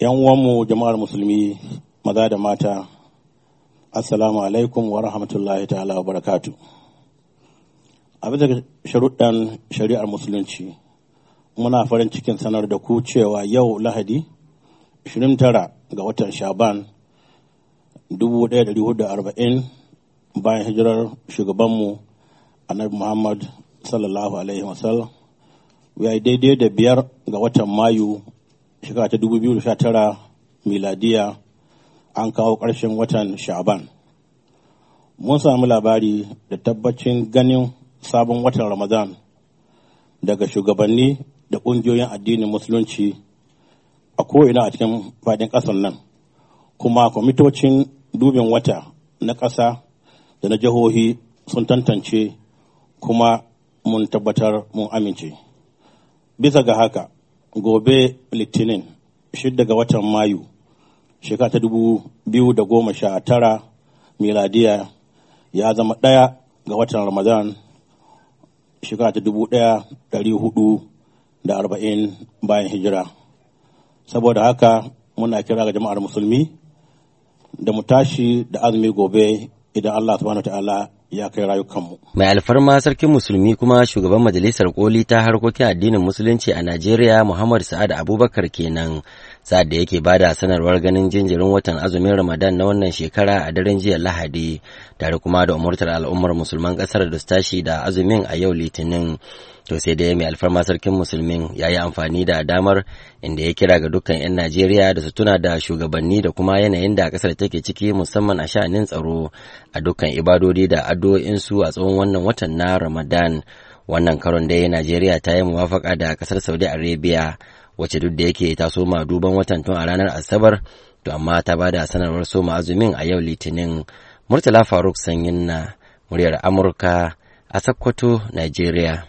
'yan uwanmu jama'ar musulmi maza da mata assalamu alaikum wa rahmatullahi ta'ala wa barakatu a bisa sharuɗan shari'ar musulunci muna farin cikin sanar da ku cewa yau lahadi 29 ga watan shaban 1440 bayan hijirar shugabanmu annabi muhammad sallallahu alaihi wasallam ya daidai da biyar ga watan mayu shekara ta 2019 miladiya an kawo ƙarshen watan sha'aban mun sami labari da tabbacin ganin sabon watan ramadan daga shugabanni da ƙungiyoyin addinin musulunci a ko'ina a cikin faɗin ƙasar nan kuma kwamitocin dubin wata na ƙasa da na jihohi sun tantance kuma mun tabbatar mun amince bisa ga haka gobe litinin shida ga watan mayu shekara ta dubu biyu da goma sha tara miladiya ya zama ɗaya ga watan ramadan shekara ta dubu ɗaya ɗari hudu da arba'in bayan hijira saboda haka muna kira ga jama'ar musulmi da mu tashi da azumi gobe idan allah subhanahu wa ta'ala ya kai rayukanmu. Mai alfarma sarkin musulmi kuma shugaban majalisar koli ta harkokin addinin musulunci a Najeriya Muhammad Sa'ad Abubakar kenan. Sa'ad da yake bada sanarwar ganin jinjirin watan azumin Ramadan na wannan shekara a daren jiya Lahadi, tare kuma da umurtar al'ummar musulman kasar da su tashi da azumin a yau Litinin. To sai dai mai alfarma sarkin musulmin ya yi amfani da damar inda ya kira ga dukkan 'yan Najeriya da su tuna da shugabanni da kuma yanayin da kasar take ciki musamman a sha'anin tsaro a dukkan ibadodi da addu'o'insu a tsawon wannan watan na Ramadan. Wannan karon dai Najeriya ta yi muwafaka da kasar Saudi Arabia wacce duk da yake ta ma duban watan tun a ranar Asabar to amma ta ba da sanarwar soma azumin a yau Litinin. Murtala Faruk Sanyin na muryar Amurka a Sokoto, Najeriya.